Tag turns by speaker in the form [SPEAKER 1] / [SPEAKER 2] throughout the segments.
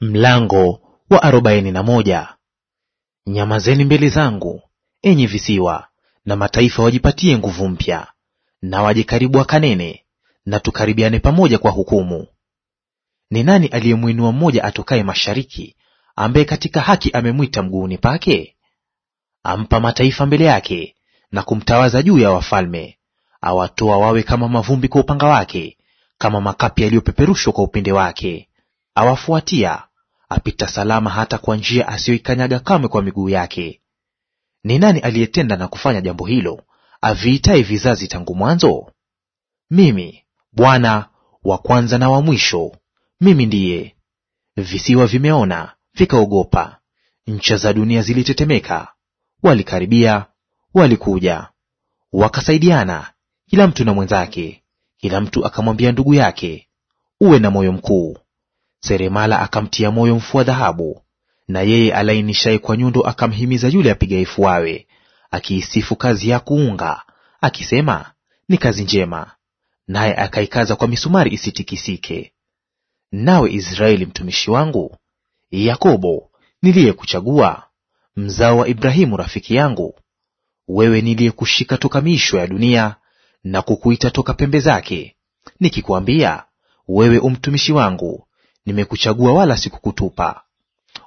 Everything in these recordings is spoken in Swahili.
[SPEAKER 1] Mlango wa arobaini na moja. Nyamazeni mbele zangu, enyi visiwa, na mataifa wajipatie nguvu mpya, na waje karibu wakanene, na tukaribiane pamoja kwa hukumu. Ni nani aliyemwinua mmoja atokaye mashariki, ambaye katika haki amemwita mguuni pake? Ampa mataifa mbele yake, na kumtawaza juu ya wafalme; awatoa wawe kama mavumbi kwa upanga wake, kama makapi yaliyopeperushwa kwa upinde wake awafuatia apita salama hata kwa njia asiyoikanyaga kamwe kwa miguu yake. Ni nani aliyetenda na kufanya jambo hilo aviitaye vizazi tangu mwanzo? Mimi Bwana wa kwanza na wa mwisho, mimi ndiye. Visiwa vimeona vikaogopa, ncha za dunia zilitetemeka. Walikaribia, walikuja, wakasaidiana kila mtu na mwenzake, kila mtu akamwambia ndugu yake, uwe na moyo mkuu, seremala akamtia moyo mfua dhahabu, na yeye alainishaye kwa nyundo akamhimiza yule apigaye fuawe, akiisifu kazi ya kuunga, akisema ni kazi njema, naye akaikaza kwa misumari isitikisike. Nawe Israeli mtumishi wangu, Yakobo niliyekuchagua, mzao wa Ibrahimu rafiki yangu, wewe niliyekushika toka miisho ya dunia na kukuita toka pembe zake, nikikwambia, wewe umtumishi wangu, nimekuchagua wala sikukutupa.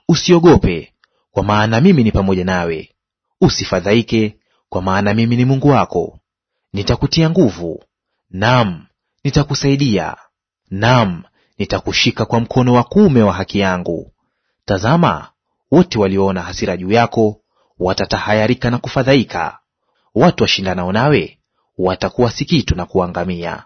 [SPEAKER 1] Usiogope, kwa maana mimi ni pamoja nawe; usifadhaike, kwa maana mimi ni Mungu wako. Nitakutia nguvu, naam, nitakusaidia, naam, nitakushika kwa mkono wa kuume wa haki yangu. Tazama, wote walioona hasira juu yako watatahayarika na kufadhaika; watu washindanao nawe watakuwa si kitu na kuangamia.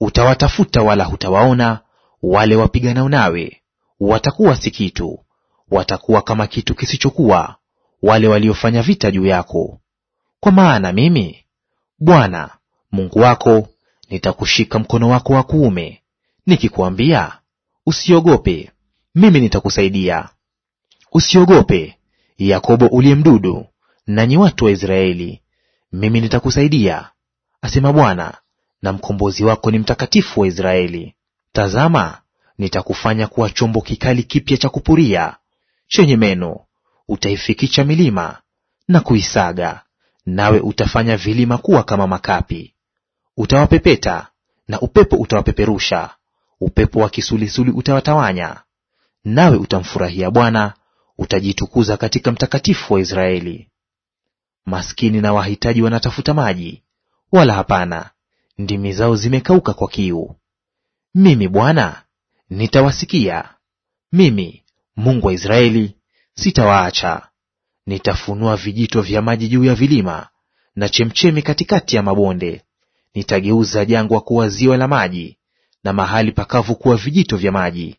[SPEAKER 1] Utawatafuta wala hutawaona wale wapiganao nawe watakuwa si kitu, watakuwa kama kitu kisichokuwa, wale waliofanya vita juu yako. Kwa maana mimi Bwana Mungu wako nitakushika mkono wako wa kuume, nikikuambia usiogope, mimi nitakusaidia. Usiogope Yakobo uliye mdudu, nanyi watu wa Israeli, mimi nitakusaidia, asema Bwana, na mkombozi wako ni mtakatifu wa Israeli. Tazama, nitakufanya kuwa chombo kikali kipya cha kupuria, chenye meno; utaifikisha milima na kuisaga, nawe utafanya vilima kuwa kama makapi. Utawapepeta na upepo utawapeperusha, upepo wa kisulisuli utawatawanya. Nawe utamfurahia Bwana, utajitukuza katika Mtakatifu wa Israeli. Maskini na wahitaji wanatafuta maji, wala hapana; ndimi zao zimekauka kwa kiu. Mimi Bwana nitawasikia, mimi Mungu wa Israeli sitawaacha. Nitafunua vijito vya maji juu ya vilima na chemchemi katikati ya mabonde. Nitageuza jangwa kuwa ziwa la maji na mahali pakavu kuwa vijito vya maji.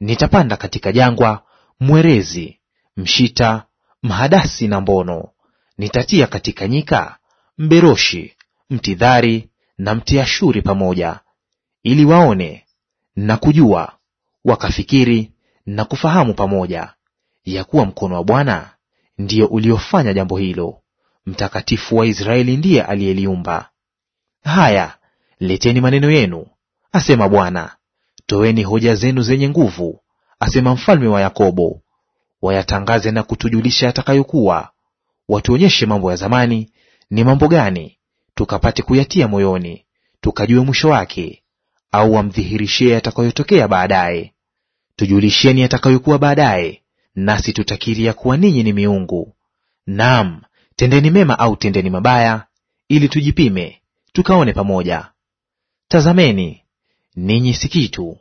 [SPEAKER 1] Nitapanda katika jangwa mwerezi, mshita, mhadasi na mbono. Nitatia katika nyika mberoshi, mtidhari na mtiashuri pamoja ili waone na kujua, wakafikiri na kufahamu pamoja, ya kuwa mkono wa Bwana ndiyo uliofanya jambo hilo; Mtakatifu wa Israeli ndiye aliyeliumba. Haya, leteni maneno yenu, asema Bwana; toweni hoja zenu zenye nguvu, asema mfalme wa Yakobo. Wayatangaze na kutujulisha yatakayokuwa, watuonyeshe mambo ya zamani ni mambo gani, tukapate kuyatia moyoni, tukajue mwisho wake, au amdhihirishie yatakayotokea baadaye. Tujulisheni yatakayokuwa baadaye, nasi tutakiri ya kuwa ninyi ni miungu. Naam, tendeni mema au tendeni mabaya, ili tujipime tukaone pamoja. Tazameni, ninyi si kitu,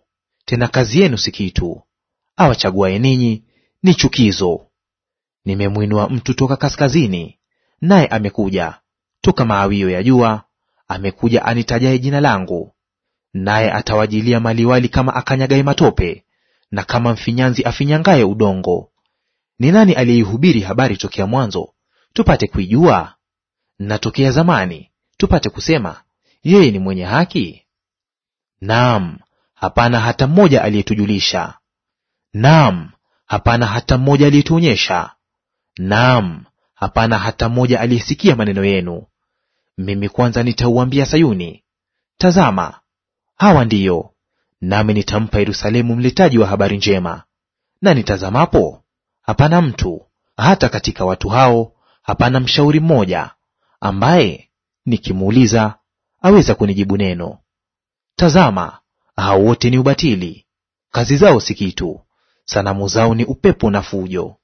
[SPEAKER 1] tena kazi yenu si kitu; awachaguaye ninyi ni chukizo. Nimemwinua mtu toka kaskazini, naye amekuja; toka maawio ya jua amekuja, anitajaye jina langu naye atawajilia maliwali kama akanyagaye matope na kama mfinyanzi afinyangaye udongo. Ni nani aliyeihubiri habari tokea mwanzo tupate kuijua, na tokea zamani tupate kusema yeye ni mwenye haki? Naam, hapana hata mmoja aliyetujulisha. Naam, hapana hata mmoja aliyetuonyesha. Naam, hapana hata mmoja aliyesikia maneno yenu. Mimi kwanza nitauambia Sayuni, tazama hawa ndiyo. Nami nitampa Yerusalemu mletaji wa habari njema. Na nitazamapo, hapana mtu, hata katika watu hao hapana mshauri mmoja, ambaye nikimuuliza aweza kunijibu neno. Tazama, hao wote ni ubatili, kazi zao si kitu, sanamu zao ni upepo na fujo.